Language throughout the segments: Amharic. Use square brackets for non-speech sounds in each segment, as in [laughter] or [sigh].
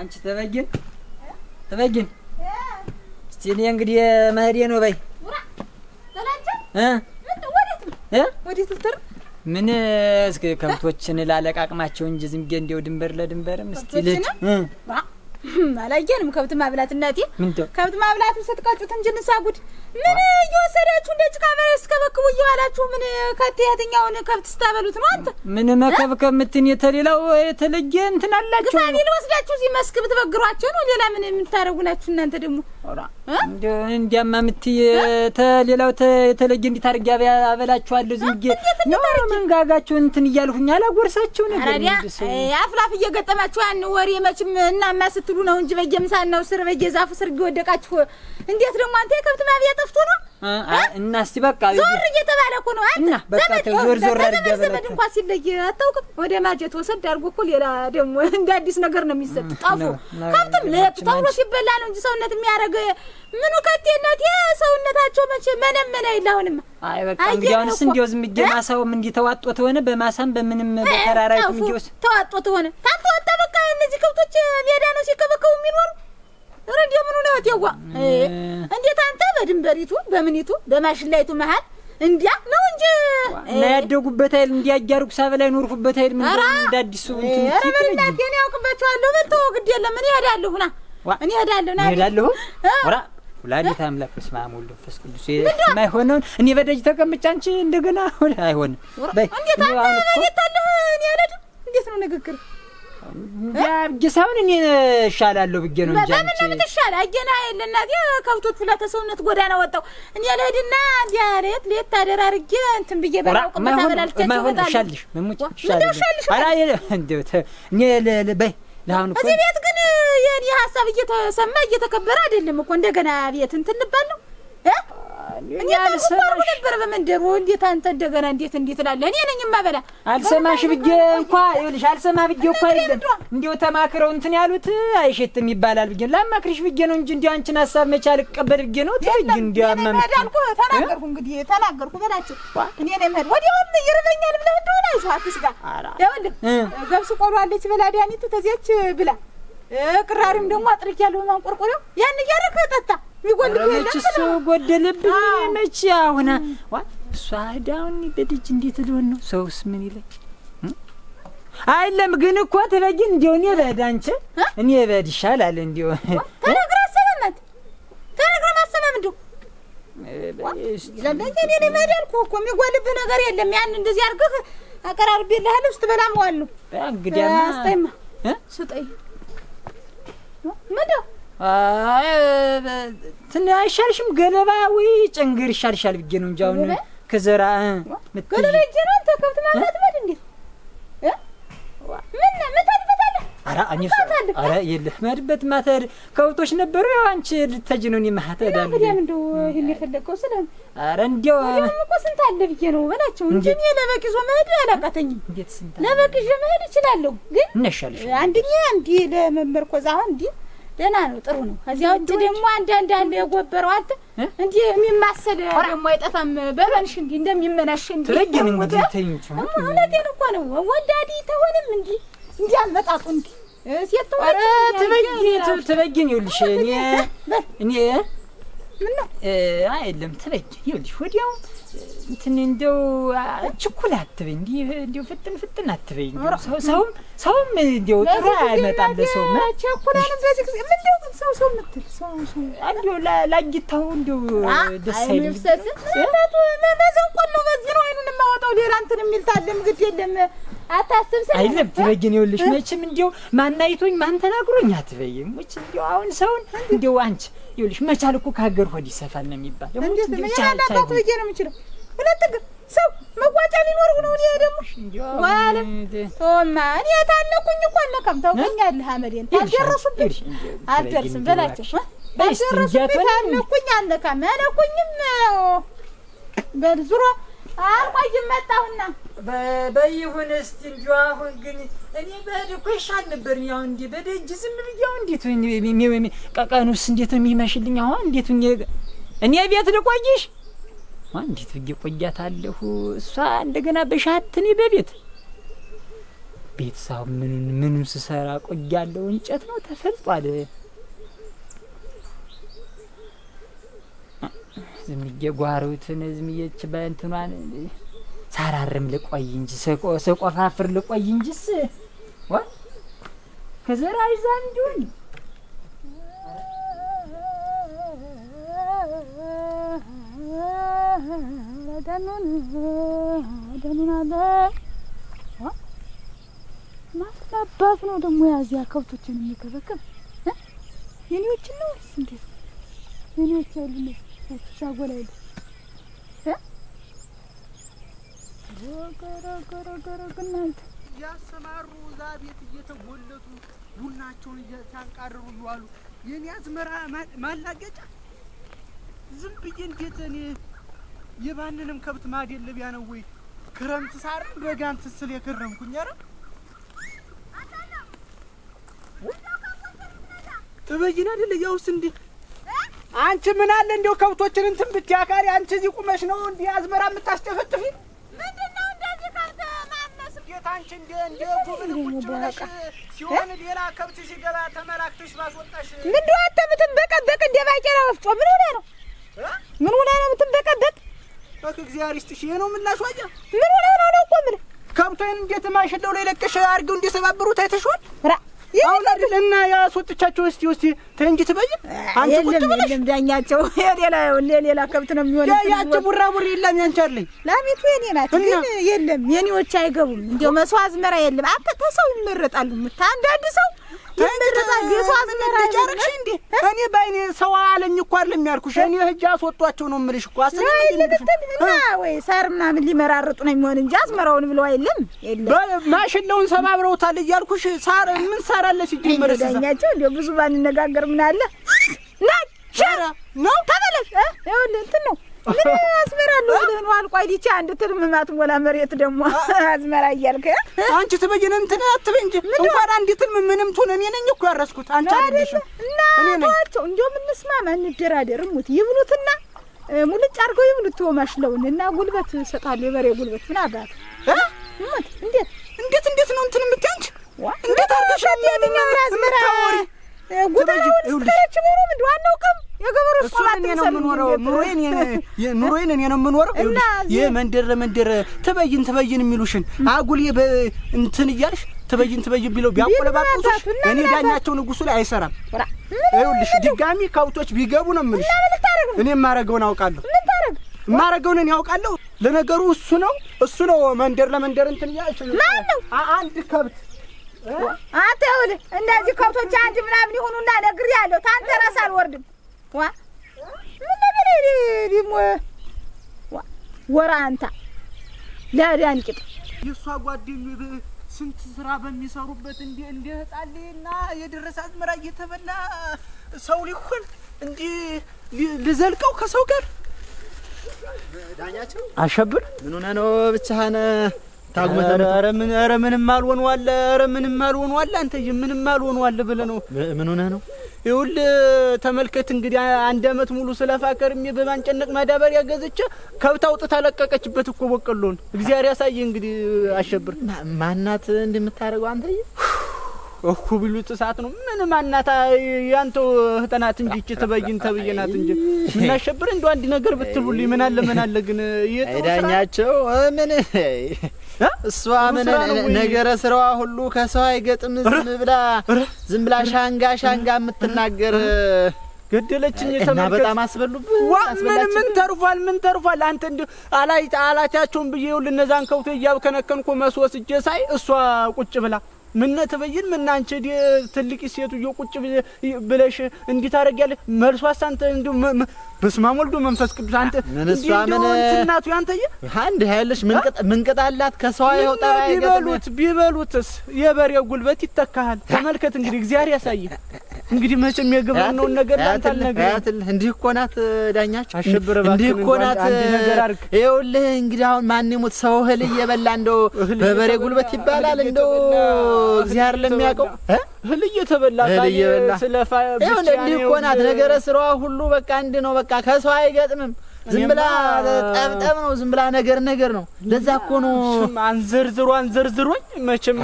አንቺ ተበጊን ተበጊን እስቲ እኔ እንግዲህ መሄዴ ነው በይ። ምን እስኪ ከብቶችን ላለቃቅማቸው እንጂ ዝም ብዬ እንዲያው ድንበር ለድንበርም እስቲ ልሂድ። አላየንም ከብት ማብላት እናቴ፣ ከብት ማብላቱ ስትቀጩት እንጂ ንሳጉድ ምን እየወሰዳችሁ እንደ ጭቃ እስከበክቡ እየዋላችሁ ምን ከብት የትኛውን ከብት ስታበሉት ነው? አንተ ምን መከብከብ ምትን የተሌላው የተለየ እንትን አላችሁ። ግፋ ቢል ወስዳችሁ እዚህ መስክ ብትበግሯቸው ነው። ሌላ ምን የምታደርጉላችሁ እናንተ ደግሞ እንዲያማ ምት የተሌላው የተለየ እንዲት አድርጌ አበላችኋለሁ። ዝም ብዬ ነው መንጋጋችሁ እንትን እያልሁኝ አላጎርሳችሁ ነገር አፍላፍ እየገጠማችሁ ያን ወሬ መችም እናማ ስትሉ ነው እንጂ በየምሳናው ስር በየዛፉ ስር እየወደቃችሁ እንዴት ደግሞ አንተ የከብት ማብያ ጠፍቶ ነው እና እስቲ በቃ ዞር እየተባለ እኮ ነው። አንተ ዘመድ ዞር ዞር አድርገህ ዘመድ እንኳን ሲለይ አታውቅም። ወደ ማጀት ወሰድ አድርጎ እኮ ሌላ ደግሞ እንደ አዲስ ነገር ነው የሚሰጥ። ጠፉ ከብትም ለጥ ተብሎ ሲበላ ነው እንጂ ሰውነት የሚያደርግ ምኑ ከቴነት የሰውነታቸው መቼ መነመና የለ። አይ በቃ እንግዲህ አሁንስ ዝም ብዬ ማሳውም እንዲህ ተዋጦ ተሆነ በማሳም በምንም በተራራይቱም እንዲውስ ተዋጦ ተሆነ ታልተወጣ በቃ እነዚህ ከብቶች ሜዳ ነው ሲከበከቡ የሚኖሩ ኧረ እንደው ምኑ ነው እቴዋ? እንዴት አንተ በድንበሪቱ በምኒቱ በማሽላይቱ መሀል እንዲያ ነው እንጂ እና ያደጉበት አይደል እንዲያ እያደረኩ ሳበላ ይኖርኩበት አይደል ምን እንዳዲሱ እንትን ኧረ በእናቴ እኔ ያውቅባቸዋለሁ። በል ተወው፣ ግድ የለም እኔ እሄዳለሁ። ና እኔ እሄዳለሁ። ና እሄዳለሁ። ኧረ ወላዲተ አምላክ በስመ አብ ወወልድ ወመንፈስ ቅዱስ የማይሆነውን እኔ በደጅ ተቀምጬ አንቺ እንደገና [laughs] አይሆንም። እንዴት አንተ እኔ ታለህ እኔ አልሄድም። እንዴት ነው ንግግር ብጌ ሳይሆን እኔ እሻላለሁ ብጌ ነው እንጂ በምን ነው የምትሻል? አየና ከብቶቹ ላይ ጎዳና ወጣው። እኔ ልሂድና ሌት ሌት ታደር አድርጌ እንትን ብዬ በላውቅበት አበላልቻቸው በይ ለአሁን እዚህ ቤት ግን ሀሳብ እየተሰማ እየተከበረ አይደለም እኮ እንደገና ቤት እንትን እንባል እኔ ታስባሩ ነበር በመንደሩ። እንዴት አንተ እንደገና እንዴት እንዴት እላለህ? እኔ ነኝ የማበላ። አልሰማሽ ብዬ እንኳ ይኸውልሽ፣ አልሰማ ብዬ እንኳ አይደለም እንዲሁ ተማክረው እንትን ያሉት አይሸትም ይባላል ብዬ ላማክርሽ ብዬ ነው እንጂ እንዲሁ አንቺን ሀሳብ መቼ አልቀበል ብዬ ነው ትልጅ እንዲሁ አመመት ተናገርኩ። እንግዲህ ተናገርኩ በላቸው። እኔ ነው የምሄድ ወዲያውም ይርበኛል ብለህ እንደሆነ አይዞህ አትስጋ። ይኸውልህ ገብስ ቆሎ አለች በላ ዳኒቱ ተዚያች ብላ ቅራሪም ደግሞ አጥርጌያለሁ ማንቆርቆሪያው ያን እያደረግህ ጠጣ ይጎልብኛል ጎደለብኝ። መቼ አሁን እሷ ዳውን በድጅ እንዴት ልሆን ነው? ሰውስ ምን ይለኝ? አይለም ግን እኮ እንዲሁ እኔ አንቺ እኔ ይሻላል እንዲሁ ተነግረ አሰበመት ተነግረ ማሰበም እንዲሁ እኔ እኮ የሚጎልብህ ነገር የለም። ያን እንደዚህ አቀራርቤልሃለሁ። ስጠይማ ስጠይ ምንድው ትን- አይሻልሽም? ገለባ ወይ ጨንገር ይሻልሻል ብዬ ነው እንጂ አሁን ከዘራ ገለባ ይጀራ ከብት ማለት ማለት እንዴ ምን ምን በታለ? ኧረ እኔ ኧረ የለህ ማድበት ማተር ከብቶች ነበሩ። ያው አንቺ ልታጅ ነው እኔ ማህተር ዳል እንዴ እንደው ይሄን የፈለከው ስለ ኧረ እንዴው እኮ ስንት አለ ብዬ ነው በላቸው እንጂ እኔ ለበቅ ይዞ መሄድ አላቃተኝም። እንዴት ስንት ለበቅ ይዤ መሄድ እችላለሁ፣ ግን እነሻለሽ አንድኛ እንዲህ ለመመርኮዛ አሁን እንዲህ ደህና ነው፣ ጥሩ ነው። ከዚያ ውጭ ደግሞ አንዳንድ አንድ የጎበረው አንተ እንዲህ የሚማሰል ደግሞ አይጠፋም። በበንሽ እንዲህ እንደሚመናሽ እንዲህ ትለየን እንግዲህ ተኝቹ እውነቴን እኮ ነው። ወላዲ ተሆንም እንዲህ እንዲህ አመጣጡ እንዲህ ሴት ተሆነ ትበይኝ ትበይኝ ይኸውልሽ እኔ እኔ ምን ነው? አይደለም ትበጅ ይኸውልሽ፣ ወዲያው እንትን እንደው ችኩል አትበይ፣ እንዲህ እንደው ፍጥን ፍጥን አትበይ። ሰውም ሰውም እንደው ጥሩ አይመጣም ለሰው ቸኩላንም በዚህ ጊዜ ምን እንደው ግን ሰው ሰው የምትል ሰው ሰው እንደው ላጊታው እንደው ደስ አይልም። መዘንቆን ነው በዚህ ነው አይኑን የማወጣው ሌላ እንትን የሚልታለም ግድ የለም። አታስብ አይለም ይኸውልሽ መቼም ማን ማን ተናግሮኝ አትበይም። አሁን ሰውን እንደው አንቺ ይኸውልሽ መቻል እኮ ከሀገር ወዲህ ይሰፋል ነው የሚባል። እንዴት ነው ነው የምችለው። ሁለት እግር ሰው መዋጫ ሊኖር ነው። እኔ ደግሞ ዋለም ቶማ እኔ የታነኩኝ እኮ አነካም ታውቀኛለህ። አመዴን አልደረሱብኝ አልደርስም በላቸው ባልደረሱብኝ አልቆይም መጣሁና በይሁን እስቲ እንጂ አሁን ግን እኔ በህድ እኮ ይሻል ነበር። ያው እንዴ በደጅ ዝም ብያው እንዴት ቀቀኑስ እንዴት የሚመሽልኝ አሁን እንዴት እኔ ቤት ልቆይሽ እንዴት ብዬ ቆያታለሁ። እሷ እንደገና በሻት እኔ በቤት ቤት ሳው ምኑን ምኑን ስሰራ ቆያለሁ። እንጨት ነው ተፈልጧል። ዝም ብዬ ጓሮትን ዝም ብዬች በእንትኗን ሳራርም ልቆይ እንጂ ስቆፋፍር ልቆይ እንጂስ What? Because it is undoing. I ነው ደግሞ ያዚያ ከብቶችን የሚከበከብ የኔዎችን ነው ወይስ እንዴት? የኔዎች ያሉ ሻጎላ ይሉ ረገረገረገረግ እያሰማሩ እዛ ቤት እየተጎለቱ ቡናቸውን እያንቃረሩ ይዋሉ። የኔ አዝመራ ማላገጫ ዝም ብዬ እንዴት እኔ የባንንም ከብት ልቢያ ነው ወይ? ክረምት ሳርም በጋን ትስል የከረምኩኝ። ኧረ ጥበይን አይደለ ያውስ እንዴ አንቺ ምን አለ እንደው ከብቶችን እንትን ብትያካሪ አንቺ እዚህ ቁመሽ ነው እንዲህ አዝመራ የምታስጨፈጥፊ ሴት አንቺ እንደ እንደ ጉብል ቁጭ ብለሽ ሲሆን ሌላ ከብት ሲገባ ተመላክተሽ ባስወጣሽ ምንድን ነው አንተ የምትንበቀበቅ? እንደ ባቄላ ወፍጮ ምን ሆነ ነው ምን ሆነ ነው የምትንበቀበቅ? እግዚአብሔር ይስጥሽ። ይሄ ነው ምላሽ? ዋጃ ምን ሆነ ነው ነው እኮ ከብቶይን እንዴት ማሽለው ላይ ለቅሽ አድርገው እንዲሰባብሩት አይተሽዋል? ራ ይሄ እና ያስወጥቻቸው እስቲ እስቲ ተይ እንጂ ትበይ። አንቺ ቁጭ ብለሽ ዳኛቸው [laughs] የሌላ ሌላ ከብት ነው የሚሆነው። ያንቺ ቡራ ቡሪ የለም። ያንቺ አለኝ ላሚቱ የኔ ናት፣ ግን የለም የኔዎች አይገቡም። እንዲያው መስዋ አዝመራ የለም። አንተ ተሰው ይመረጣሉ። አንዳንድ ሰው ይመረጣል። የሰው አዝመራ ጨርቅሽ እንዴ? እኔ ባይኔ ሰው አለኝ እኮ አይደለም ያልኩሽ። እኔ ህጅ አስወጧቸው ነው የምልሽ እኮ አስነ እና ወይ ሳር ምናምን ሊመራርጡ ነው የሚሆን እንጂ አዝመራውን ብለው አይደለም። የለም። ማሽላውን ሰባብረውታል እያልኩሽ ሳር ምን ሳር አለ ሲጀምር ዳኛቸው እንዲያው ብዙ ባንነጋገር ምን አለ ናቸ ነው ተመለሽ። ይኸውልህ እንትን ነው ምን አስመራለሁ ብለህ ነው አልቋይ ዲቻ አንድ ትልም ማትሞላ መሬት ደግሞ አዝመራ እያልክ አንቺ ትበይን እንትን አትበይ እንጂ እንኳን አንድ ትልም ምንም ትሁን እኔ ነኝ እኮ ያረስኩት አንቺ አይደለሽም። እናቸው እንዲያውም እንስማማ፣ እንደራደር። ሙት ይብሉትና ሙልጭ አድርገው ይብሉት ወማሽለውን እና ጉልበት እሰጥሃለሁ የበሬ ጉልበት ምን አባት ሙት እንዴት እንዴት እንዴት ነው እንትን የምትይ አንቺ እንዴት አድርገሽ ያለኝ አዝመራ ኑሮዬን [laughs] እኔ ነው የምኖረው። ይህ መንደር ለመንደር ትበይን ትበይን የሚሉሽን አጉሌ እንትን እያልሽ ትበይን ትበይን ቢለው ቢያቆለባብሱሽ እኔ ዳኛቸው ንጉሱ ላይ አይሰራም። ይኸውልሽ ድጋሚ ከብቶች ቢገቡ ነው የምልሽ። እኔ የማረገውን አውቃለሁ። የማረገውን እኔ አውቃለሁ። ለነገሩ እሱ ነው እሱ ነው መንደር ለመንደር እንትን እያልሽ አንድ ከብት አንተ ይኸውልህ እነዚህ ከብቶች አንድ ምናምን ይሁኑና ነግሬሃለሁ። ታንተ ራስ አልወርድም። ዋ ምን ነገር ደግሞ ወራ አንታ ለዳንቂጥ የእሷ ጓደኞች ስንት ስራ በሚሰሩበት እንዴ እንደ ህጻን የደረሰ አዝመራ እየተበላ ሰው ሊሆን እንደ ልዘልቀው ከሰው ጋር ዳኛቸው አሸብር ምን ሆነ ነው ብቻህን ታጉመተረ ምን ኧረ ምንም አልሆን ዋለ ኧረ ምንም አልሆን ዋለ አንተዬ ምንም አልሆን ዋለ ብለህ ነው። ምን ሆነህ ነው? ይኸውልህ ተመልከት እንግዲህ አንድ አመት ሙሉ ስለፋከርሜ በማንጨነቅ ማዳበሪያ ገዝቼ ከብት አውጥታ ለቀቀችበት እኮ በቀሎን። እግዚአብሔር ያሳየህ እንግዲህ አሸብር። ማናት እንደምታደርገው አንተዬ? እኩ ቢሉት ሰዓት ነው ምን ማናት ያንተው እህት እንጂ እቺ ትበይን ተብዬ ናት እንጂ ምናሸብር እንደው አንድ ነገር ብትሉልኝ ምን አለ ምን አለ ግን እየተወሰነ ዳኛቸው ምን እሷ ምን ነገረ ስራዋ ሁሉ ከሰው አይገጥም። ዝም ብላ ዝም ብላ ሻንጋ ሻንጋ የምትናገር ገደለችኝ። እና በጣም አስበሉብህ። ምን ምን ተርፏል? ምን ተርፏል? አንተ እንዲ አላይታ አላታቸውን ብዬ ይኸውልህ እነዛን ከብቶ እያብከነከንኩ መስወስጄ ሳይ እሷ ቁጭ ብላ ምነ ትበይን ምነ አንቺ ዲ ትልቅ ሴትዮ ቁጭ ብለሽ እንዲህ ታደርጊያለሽ? መልሷስ አንተ እንዲሁ በስመ አብ ወልዶ መንፈስ ቅዱስ አንተ እንዲህ እናቱ ያንተየ አንድ ያለሽ ምን ቅጥ አላት? ከሰው አይወጣ ቢበሉት ቢበሉትስ የበሬው ጉልበት ይተካሃል። ተመልከት እንግዲህ እግዚአብሔር ያሳየ እንግዲህ መቼም የገባነውን ነገር ላንተ አልነግርህም። እንዲህ እኮ ናት ዳኛችን፣ አሸብረ እንዲህ እኮ ናት። ይኸውልህ እንግዲህ አሁን ማን ይሙት ሰው እህል እየበላ እንደው በበሬ ጉልበት ይባላል እንደው እግዚአብሔር ለሚያውቀው እህል እየተበላ እህል እየበላ ስለፋ ይኸውልህ እንዲህ እኮ ናት ነገረ ስራዋ ሁሉ በቃ እንዲህ ነው። በቃ ከሰው አይገጥምም። ዝም ብላ ጠብጠብ ነው። ዝም ብላ ነገር ነገር ነው። ለዛ እኮ ነው አንዘርዝሮ አንዘርዝሮኝ መቼም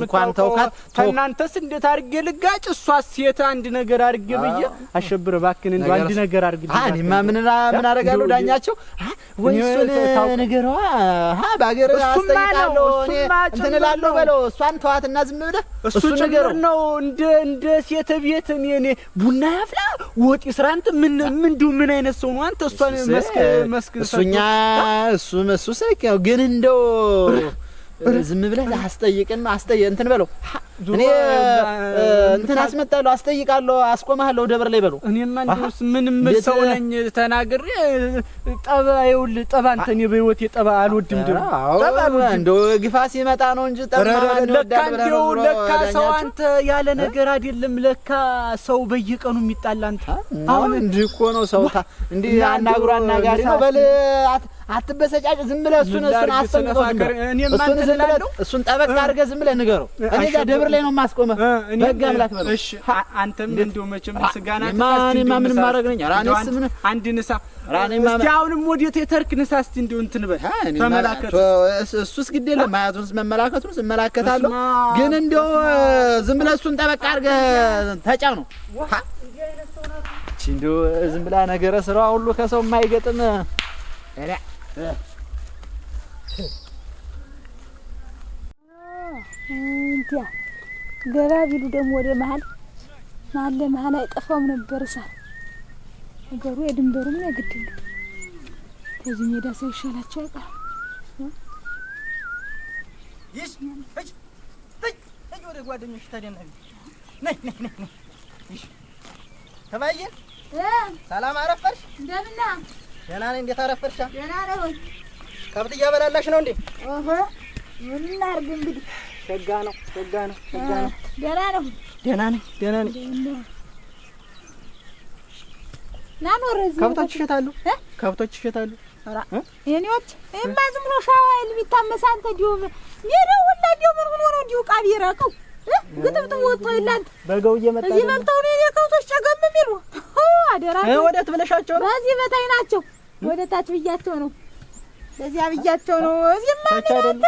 እንኳን ተውካት። ከእናንተስ እንዴት አድርጌ ልጋጭ? እሷ ሴት አንድ ነገር አድርጌ ብዬ አሸብር እባክህን እንደው አንድ ነገር አድርግ። እኔማ ምን ምን አደርጋለሁ? ዳኛቸው ወይ እሱን ነገሯ በሀገር አስጠይቃለሁ እንትን እላለሁ በለው። እሷን ተዋትና ዝም ብለህ እሱ ነገር ነው እንደ እንደ ሴት ቤት እኔ ቡና ያፍላ ወጥ ይስራ። አንተ ምን ምን እንዲሁ ምን አይነት ሰው ነው አንተ እሷን መስክ እሱኛ እሱ እሱ ግን እንደው [laughs] ዝም ብለህ አስጠይቅን አስጠይ እንትን በለው እኔ እንትን አስመጣለሁ አስጠይቃለሁ አስቆማለሁ ደብር ላይ በለው። እኔማ እንደውስ ምንም ሰው ነኝ ተናግሬ ጠባ ይኸውልህ ጠባ እንትን እኔ በህይወቴ ጠባ አልወድም። እንደው ግፋ ሲመጣ ነው እንጂ ለካ እንደው ለካ ሰው አንተ ያለ ነገር አይደለም። ለካ ሰው በየቀኑ የሚጣላ አንተ አሁን እንዲህ እኮ ነው ሰው እንዲህ አናግሮ አናጋሪ ነው በል አትበሰጫጭ። ዝም ብለህ እሱን እሱን አስጠንቅቀው ዝም ብለህ እሱን ጠበቅ አድርገህ ዝም ብለህ ንገረው። እኔ ጋር ደብር ላይ ነው የማስቆመህ። በግ አምላክ በለው። እሺ አንተም እንደው መቼም ስጋና እኔማ ምን ማድረግ ነኝ? ኧረ እኔስ ምን አንድ ንሳ ራኔ እስቲ አሁንም ወዴት የተርክ ንሳ እስቲ እንደው እንትን በል ተመላከት። እሱስ ግድ የለም አያቱንስ መመላከቱንስ እመላከታለሁ። ግን እንደው ዝም ብለህ እሱን ጠበቅ አድርገህ ተጫው ነው እንዲሁ ዝም ብላ ነገረ ስራዋ ሁሉ ከሰው የማይገጥም እንዲያ ገባ ቢሉ ደግሞ ወደ መሀል መሀል ለመሀል አይጠፋውም ነበር እሳት ነገሩ የድንበሩም ነው የግድ ነው። ከዚህ ሜዳ ሰው ይሻላቸው አይቀር ወደ ጓደኞች ተባየን። ሰላም አረፈርሽ እንደምና ደህና ነኝ። እንዴት አረፈርሻ? ደህና ነኝ። ከብት እያበላላሽ ነው እንዴ? ኦሆ ምን እናድርግ እንግዲህ። ሸጋ ነው፣ ሸጋ ነው፣ ሸጋ ነው። ደህና ነው። ደህና ነኝ፣ ደህና ነኝ። ና ኖር። እዚህ ከብቶች ይሸጣሉ፣ ከብቶች ይሸጣሉ። የኔዎች እማ ዝም ብሎ ሻዋ ይል ቢታመሳ አንተ ዲሁ ሜዳው ሁላ ዲሁ ምን ሆኖ ነው ዲሁ ቃቢ የራቀው ግጥምጥም ወጥቶ ይላል። በገው እየመጣ እዚህ በልተው ነው የኔ ከብቶች ጨገም የሚሉ አደራ። ወዴት ብለሻቸው ነው? በዚህ በታይ ናቸው ወደ ታች ብያቸው ነው። ለዚያ ብያቸው ነው። እዚህማ ታች አይደለም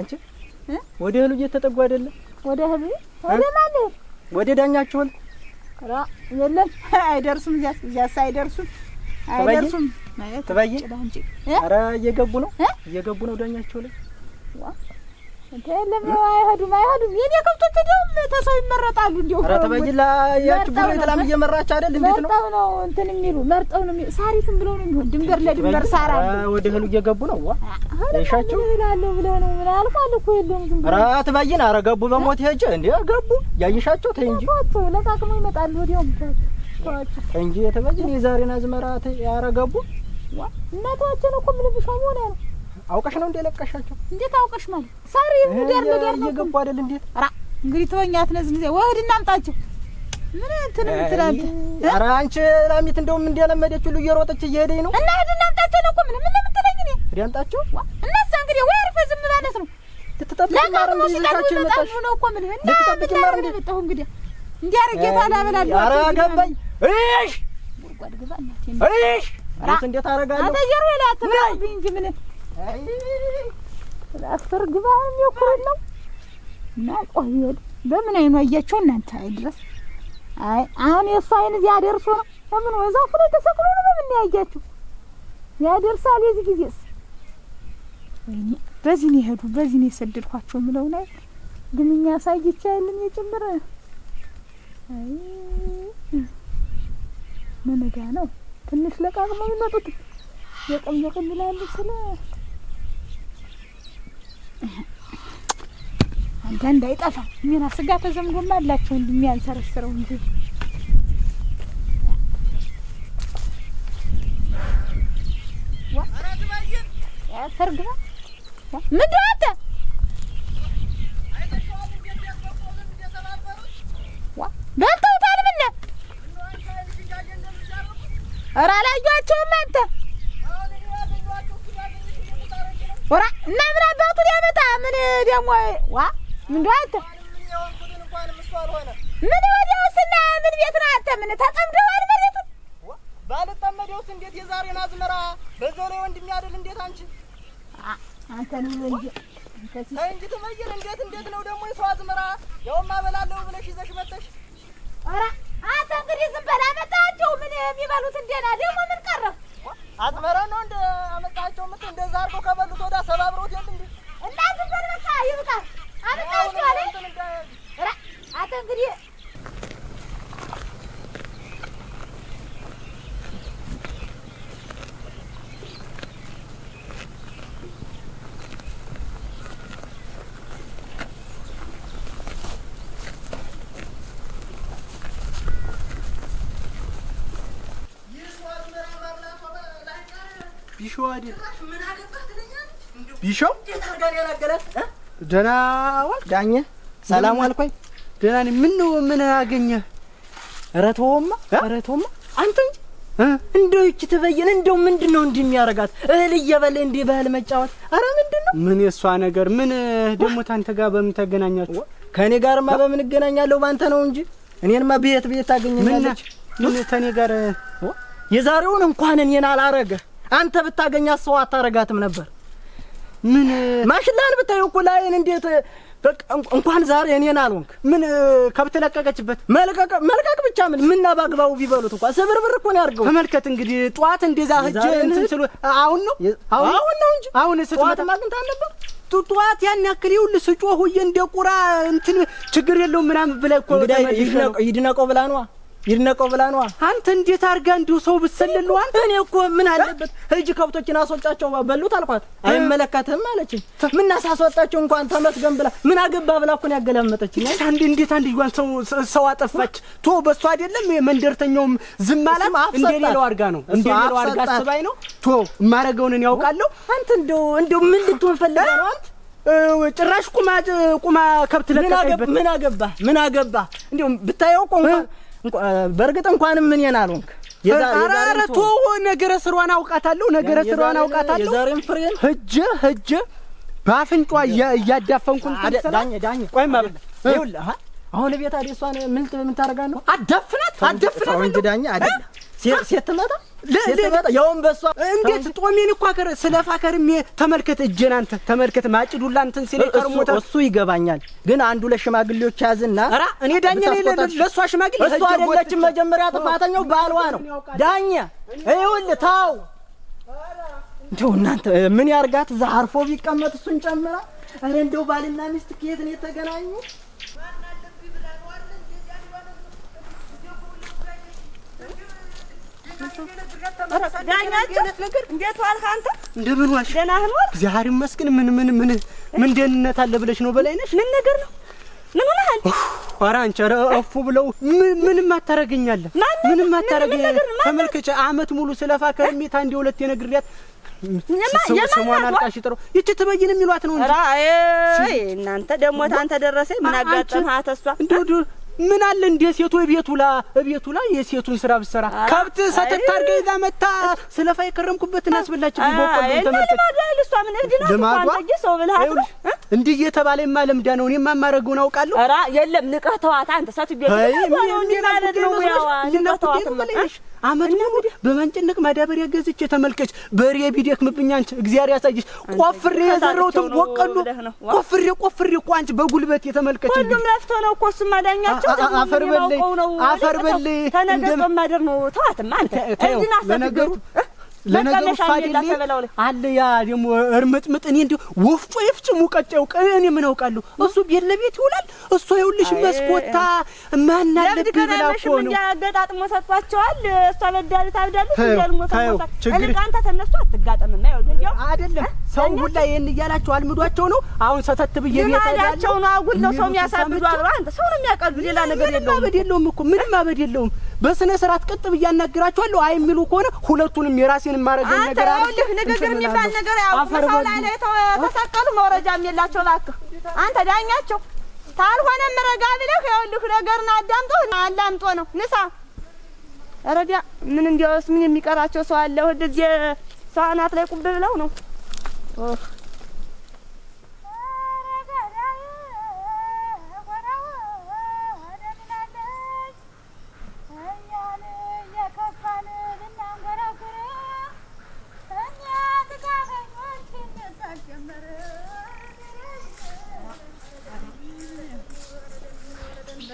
አንቺ ወደ እህሉ እየተጠጉ አይደለም። ወደ እህሉ ወደ ማን ወደ ዳኛቸው ራ የለም [laughs] አይደርሱም። እዚያስ እዚያስ አይደርሱም አይደርሱም። ትበይ ኧረ እየገቡ ነው እየገቡ ነው ዳኛቸው ላይ ለምን አይሄዱም? አይሄዱም። የኔ ከብቶች እንደውም ተሰው ይመረጣሉ። እንደው ኧረ ተበይላ ያቺ ቡሬ ተላም እየመራች አይደል? እንዴት ነው መርጠው ነው እንትን የሚሉ መርጠው ነው ሳሪትም ብለው ነው የሚሆን ድንበር ለድንበር ሳራ ወደ እህሉ እየገቡ ነው ዋ እሻቸው እላለሁ ብለው ነው ምን አልኳል እኮ የለውም ዝም ብሎ ኧረ ተበይና ኧረ ገቡ በሞት ሄጀ እንዴ ገቡ ያይሻቸው ተይ እንጂ ወጥቶ ለቃቅሞ ይመጣሉ ወዲያው ተይ እንጂ የተበይን የዛሬን አዝመራ ያረገቡ እናቷችን እኮ ምን ብሻ መሆን ነው አውቀሽ ነው እንደ ለቀሻቸው? እንዴት አውቀሽ ማለት ሳሪ ምድር ምድር ነው አይደል? እንዴት ራ እንግዲህ ተወኛት ነዝ ጊዜ ወህድ እናምጣቸው። ምን እንትን ምትላንት ኧረ አንቺ ላሚት፣ እንደውም እንደለመደች ሁሉ እየሮጠች እየሄደኝ ነው እና ወህድ እናምጣቸው ነው እኮ ምን ምን ምትለኝ አምጣቸው። እነዛ እንግዲህ ወይ አርፈ ዝም ማለት ነው ልትጠብቂ ማረም ነው እኮ ጉድጓድ እንዴት ምን አስር ግባ የሚያኩራለው እና ቆይ በምን አይኑ አያቸው እናንተ? አይ ድረስ አይ አሁን የእሱ አይን እዚያ ደርሶ ነው። በምን ወዛ ፍሬ ተሰቅሎ ነው። በምን ያያችሁ ያደርሳል። የዚህ ጊዜስ ወይኔ በዚህ ነው የሄዱ፣ በዚህ ነው የሰደድኳቸው ምለው ነው ግንኛ ሳይቻ ያለን የጨመረ አይ መነጋ ነው። ትንሽ ለቃቅመው ይመጡት የቀም የቀም ይላሉ ስለ አንተ እንዳይጠፋ ምን ስጋ ተዘምዶማ አላቸው የሚያንሰረስረው እንጂ ፈርግባ በልተውታል። ምነው ኧረ አላየኋቸውም አንተ ወራ እና ምን አባቱ ሊያመጣ ምን ደግሞ ዋ ምን ዳት ምን ወዲያውስ ምን ቤት ነው አንተ ምን ተጠምደዋል መሬቱ ባልጠመደውስ እንዴት የዛሬን አዝመራ በዛሬ ወንድም ያደል እንዴት አንቺ አንተ ነው እንጂ እንጂ ትመይል እንዴት እንዴት ነው ደግሞ የሰው አዝመራ ያውም አበላለሁ ብለሽ ይዘሽ መተሽ ኧረ አንተ እንግዲህ ዝም በላ መጣቸው ምን የሚበሉት እንዴና ደግሞ ምን ቀረው አዝመረን ነው እንደ አመጣቸው ምት እንደዛ አድርገው ከበሉት ወዲያ ሰባብሮት የለ እንዴ እንዳዝበር በቃ ይብቃ አመጣቸው አለ አተ እንግዲህ ቢሾው አይደል? ደህና ዳኘ፣ ሰላም ዋልኳኝ። ደህና ነኝ። ምን ነው ምን አገኘህ? አንተ እንጂ እንደው ይቺ ትበየን እንደው ምንድን ነው እንዲህ እህል እየበለ እንዲህ መጫወት፣ ኧረ ምንድን ነው ምን የእሷ ነገር? ምን ደግሞ ታንተ ጋር በምን ተገናኛችሁ? ከእኔ ጋርማ በምን እገናኛለሁ? ባንተ ነው እንጂ እኔንማ ታገኘኛለች። ምን ተኔ ጋር የዛሬውን እንኳን እኔን አላረገ አንተ ብታገኛት ሰው አታረጋትም ነበር። ምን ማሽላን ብታየው እኮ ላይን እንዴት እንኳን ዛሬ እኔን አልሆንክ። ምን ከብት ለቀቀችበት። መልቀቅ ብቻ ምን ምና በአግባቡ ቢበሉት እንኳን ስብርብር እኮ ነው ያድርገው። ተመልከት እንግዲህ ጠዋት እንደዛ ህጅ እንትን ስሉ አሁን ነው አሁን ነው እንጂ አሁን ስትመጣ ማግኘት አልነበር ጠዋት ያን ያክል ይኸውልህ ስጮህ ሁዬ እንደ ቁራ እንትን ችግር የለውም ምናምን ብለህ እኮ ይድነቀው ብላ ነዋ ይድነቀው ብላ ነዋ። አንተ እንዴት አድርጋ እንዲሁ ሰው ብትሰልሉ አንተ። እኔ እኮ ምን አለበት እጅ ከብቶችን አስወጫቸው በሉት አልኳት። አይመለከትህም አለችኝ። ምን አሳስወጣቸው እንኳን ተመስገን ብላ ምን አገባ ብላ እኮ ነው ያገላመጠችኝ። አንድ እንዴት አንድ ይጓን ሰው ሰው አጠፋች። ቶ በሱ አይደለም መንደርተኛውም ዝም አላት። እንደሌለው አድርጋ ነው እንደሌለው አድርጋ አስባይ ነው። ቶ የማደርገውን እኔ ያውቃለሁ። አንተ እንደው እንደው ምን ልትሆን ፈልጋ ነው አንተ ጭራሽ ቁማ ቁማ ከብት ለቀቀበት። ምን አገባ ምን አገባ እንዲያውም ብታየው ቆንቋ በእርግጥ እንኳንም ምን አልሆንክ። ኧረ ተወው፣ ነገረ ስሯን አውቃታለሁ፣ ነገረ ስሯን አውቃታለሁ። የዛሬም ፍሬን ሂጅ ሂጅ፣ በአፍንጫ እያዳፈንኩ ቆይ አሁን ቤት አለ እሷን ምልጥ የምታረጋ ነው። አደፍናት አደፍናት እንጂ ዳኛ አይደል ሴት መጣ ለለበጣ ያውን በሷ እንዴት ጦሜን እኮ አከረ ስለፋ ከርሜ ተመልከት፣ እጄን አንተ ተመልከት፣ ማጭዱላ እንትን ሲለኝ ቀርሞታ እሱ ይገባኛል። ግን አንዱ ለሽማግሌዎች ያዝና ኧረ እኔ ዳኛ ነኝ ለሷ ሽማግሌ እሷ አይደለችም። መጀመሪያ ጥፋተኛው ባልዋ ነው። ዳኛ ይኸውልህ ታው እንደው እናንተ ምን ያርጋት እዛ አርፎ ቢቀመጥ እሱን ጨምራ። አረ እንደው ባልና ሚስት ከየት ነው የተገናኙ? እንደምን ዋልሽ? እግዚአብሔር ይመስገን። ምን ምን ምን ምን ደህንነት አለ ብለሽ ነው? በላይ ነሽ። ምን ነገር ነው? ምን ሆነሃል? ኧረ አንቺ ኧረ እፉ ብለው ምንም አታረገኛለህ፣ ምንም አታረገኛለህ። ተመልከች፣ አመት ሙሉ ስለፋ ከርሜት አንዴ ሁለቴ ነግሬያት ስሟን አልቃሽ ጥሩ ይቺ ትበይን የሚሏት ነው እንጂ እናንተ ደግሞ ታንተ ደረሰኝ ምን አጋጠምህ? ተሷ ምን አለ እንደ ሴቱ እቤቱ ላ እቤቱ ላ የሴቱን ስራ ብትሰራ ከብት ሰተታርገ ይዛ መታ ስለፋ የከረምኩበትን አስበላችሁ ቢቦቀደም ተመጣጣኝ ልማዷ ልሷ ምን እብድ ነው አንተ ሰው ብለህ አትበል እንዲህ እየተባለ የማለምዳ ነው። እኔማ የማረገውን አውቃለሁ። ኧረ የለም ንቀህ ተዋት አንተ ሰትቤ ማለት ነው። አመት ነው እንግዲህ በማንጨነቅ ማዳበሪያ ገዝቼ ተመልከች። በሬ ቢደክምብኝ አንቺ እግዚአብሔር ያሳይሽ። ቆፍሬ የዘራሁትን ቦቀሉ ቆፍሬ ቆፍሬ እኮ አንቺ በጉልበት የተመልከች። ሁሉም ለፍቶ ነው እኮ እሱማ ዳኛቸው። አፈር በለይ አፈር በለይ ተነገጠ ማደር ነው። ተዋትማ አንተ እንዲህ ናሰት ነገሩ ለነገሩ ፋዲሌ አለ ያ ደግሞ እርምጥምጥ። እኔ እንዲሁ ወፍጮ ይፍጭ ሙቀጫ እኔ ምን አውቃለሁ? እሱ ቤት ለቤት ይውላል። እሱ ይኸውልሽ መስኮታ ማን አለብኝ ብላ እኮ ነው አገጣጥሞ ሰጥቷቸዋል። እሷ በዳሪ ታብዳለች እያሉ ሞታሞታ እልቅ አንተ ተነሱ አትጋጠምና ይኸውልህ አይደለም ሰው ሁላ ይሄን እያላቸው አልምዷቸው ነው። አሁን ሰተት ብዬ ልሄዳቸው ነው። አጉል ነው ሰው የሚያሳብዱ። አንተ ሰው ነው የሚያቀሉ ሌላ ነገር የለውም። ምንም አበድ የለውም እኮ ምንም አበድ የለውም። በስነ ስርዓት ቀጥ ብዬ አናግራቸዋለሁ። አይ የሚሉ ከሆነ ሁለቱንም የራሴን ማረግ ነገር አለ። አንተ ንግግር የሚባል ነገር ያው ሰው ላይ ላይ ተሰቀሉ መውረጃም የላቸው። እባክህ አንተ ዳኛቸው ታልሆነም ረጋ ብለህ ይኸውልህ ነገርን አዳምጦ አላምጦ ነው ንሳ ረዲያ ምን እንዲያውስ ምን የሚቀራቸው ሰው አለ ወደዚህ ሰው አናት ላይ ቁብ ብለው ነው ኦህ ጉዳይ ነበረች። ተንዜልን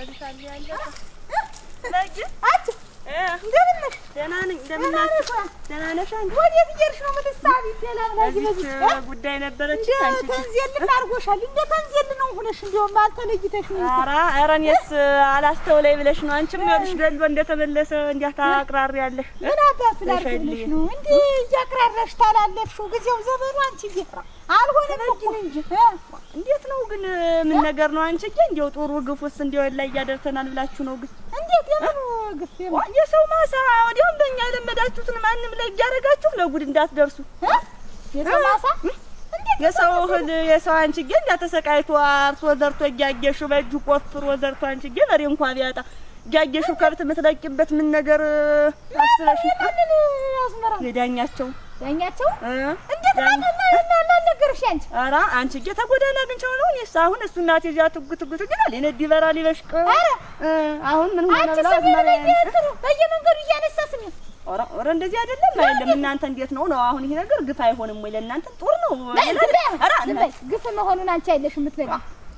አድርጎሻል። እንደ ተንዜል ነው ሆነሽ እንዲያውም አልተለይተሽ። ኧረ እኔስ አላስተውለኝ ብለሽ ነው። አንቺም ይኸውልሽ ደልቦ እንደተመለሰ እንዲያው ታቅራሪ ምን አባቱ ላድርግ ብለሽ ነው እንዲህ እያቅራራሽ ታላለፍሽው ጊዜው ዘመኑ አንቺ እየቅራ አልሆነም እኮ እንጂ እንዴት ነው ግን? ምን ነገር ነው አንቺ? እየ እንደው ጥሩ ግፉስ እንደው ላይ እያደርሰናል ብላችሁ ነው ግን? እንዴት የምኑ ግፍ የሰው ማሳ ወዲያውም በእኛ የለመዳችሁትን ማንም ላይ እያደረጋችሁ ለጉድ እንዳትደርሱ። የሰው ማሳ የሰው እህል የሰው አንቺ እየ እንዳተሰቃይቶ አርሶ ዘርቶ እያየሹ በእጁ ቆፍሮ ዘርቶ አንቺ እየ በሬ እንኳ ቢያጣ እያየሹ ከብት የምትለቂበት ምን ነገር አስበሽ የዳኛቸው ዳኛቸው እንዴት ነው እሺ አንቺ ኧረ አንቺ ጌታ ተጎዳና አግኝቼው ነው። እኔስ አሁን እሱ እናቴ እዚያ ትጉ ትጉ ትግላል። እኔ ዲበራ ሊበሽቅ ኧረ አሁን ምን ሆነ ብላ አንቺ ስሚ በየእንትኑ በየመንገዱ እያነሳ ስሚ። ኧረ ኧረ እንደዚህ አይደለም አይደለም። እናንተ እንዴት ነው ነው አሁን ይሄ ነገር ግፍ አይሆንም ወይ ለእናንተ ጦር ነው? ኧረ ግፍ መሆኑን አንቺ አይለሽ የምትበይ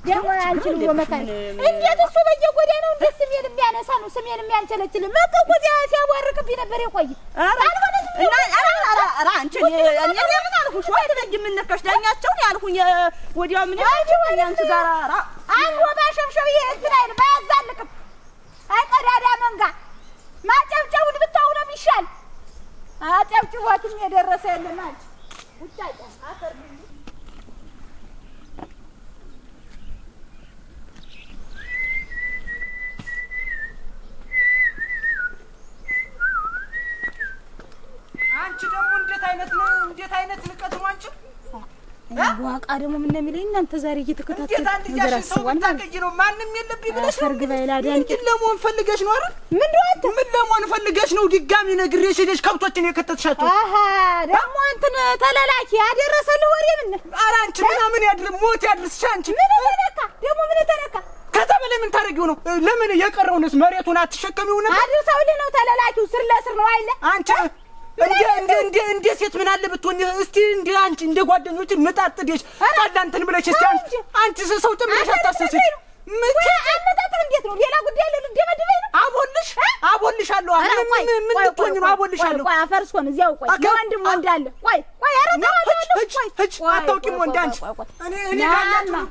ደግሞ አንቺ ልዎ ወመታኝ እንዴት እሱ በየጎዳ ነው እንደ ስሜን የሚያነሳ ነው ስሜን የሚያንቸለችል መቶ ጊዜ ሲያዋርቅብኝ ነበር የቆየ አልሆነ እና ኧረ ኧረ አንቺ እኔ ምን አልኩሽ ምን ነካሽ? ዳኛቸውን ያልኩኝ ወዲያው ምን ያቸው አንተ ጋር አራ አንድ ወባ ሸብሸብ እንትን አይልም አያዛልቅም። አይ ቀዳዳ መንጋ ማጨብጨቡን ብታው ነው የሚሻል። አጨብጭቧትም የደረሰ የለም አንቺ ውጫጫ አፈር አንቺ ደግሞ እንዴት አይነት ነው? እንዴት አይነት ልቀት ነው አንቺ በዋቃ ደግሞ ምን የሚለኝ እናንተ ዛሬ እየተከታተል ነገር አስቧል ማለት ነው። ማንም የለብኝ ብለሽ ነው ምን ለመሆን ፈልገሽ ነው? ኧረ ምን ነው አንተ ምን ለመሆን ፈልገሽ ነው? ድጋሚ ነግሬሽ ሄደሽ ከብቶችን የከተትሻቸው። አሀ ደግሞ አንተን ተላላኪ ያደረሰልህ ወሬ ምን? ኧረ አንቺ ያድር ሞት ያድርስሽ አንቺ ምን ተነካ ደግሞ ምን ተነካ? ታደርጊው ነው? ለምን የቀረውንስ መሬቱን አትሸከሚው ነበር? አድርሰውልህ ነው ተላላኪው ስር ለስር ነው አንቺ እንደ ሴት ምን አለ ብትሆን እስቲ እንደ አንቺ እንደ ጓደኞች ምጣጥዴሽ ታላንትን ብለሽ እስቲ አንቺ አንቺ ሰው ጥምሽ አታሰስሽ። አመጣጥህ እንዴት ነው? ሌላ ጉዳይ አለ ልደበድበኝ ነው? አቦልሽ አቦልሻለሁ። ምን ልትሆኝ ነው? አቦልሻለሁ። አፈርስኮን እዚያው ቆይ፣ ወንድም ወንድ አለ። ቆይ ቆይ፣ ኧረ አታውቂም ወንድ አንቺ። እኔ ጋር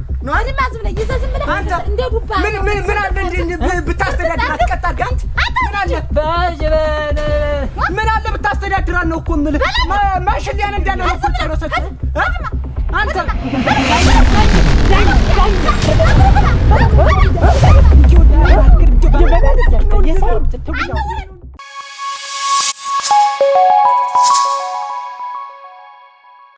ምን አለ ብታስተዳድራት ነው እኮ የምልህ። አንተ